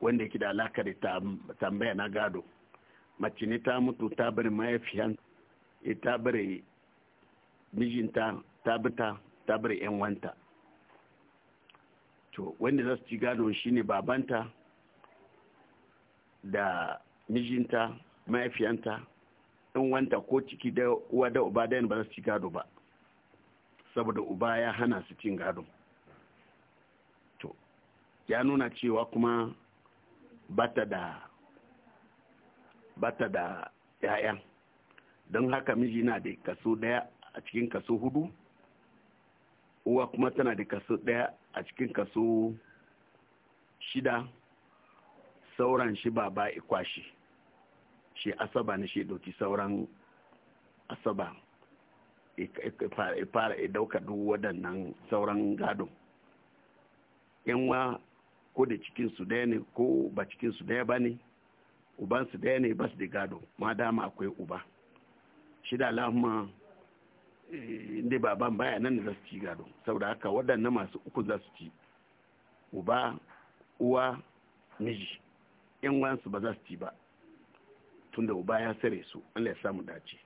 wanda yake da alaka da tambaya na gado mace ne ta mutu ta bari mahaifiyan eh, ta bari mijinta ta bita ta bari yan wanta to wanda za su ci gado shine babanta da mijinta mahaifiyanta in wanta ko ciki da uwa da uba da ba za su ci gado ba saboda uba ya hana su cin gado ya nuna cewa kuma bata da bata da ya'ya don haka miji na da kaso daya a cikin kaso hudu uwa kuma tana da kaso daya a cikin kaso shida sauran shi ba ba ikwashi shi asaba na shi dauki sauran asaba fara dauka duk waɗannan sauran gado yan ko da cikin su ɗaya ne ko ba cikin su daya bane uban su daya ne su da gado ma dama akwai uba shi da alama eh, inda ban baya nan za su ci gado saboda haka waɗannan masu uku za su ci uba uwa miji yan wansu ba za su ci ba tunda uba ya sare su Allah ya samu dace